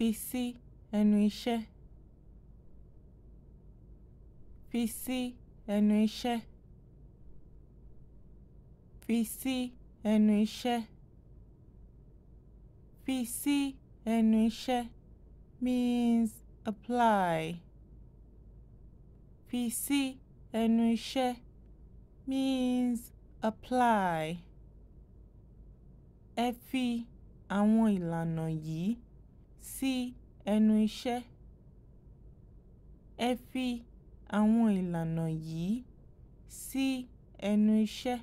fi sí ẹnu iṣẹ́ fi sí ẹnu iṣẹ́ fi sí ẹnu iṣẹ́ fi sí ẹnu iṣẹ́ means apply fi sí ẹnu iṣẹ́ means apply ẹ fi àwọn ìlànà yìí sí ẹnu iṣẹ́. Ẹ fi àwọn ìlànà yìí sí ẹnu iṣẹ́.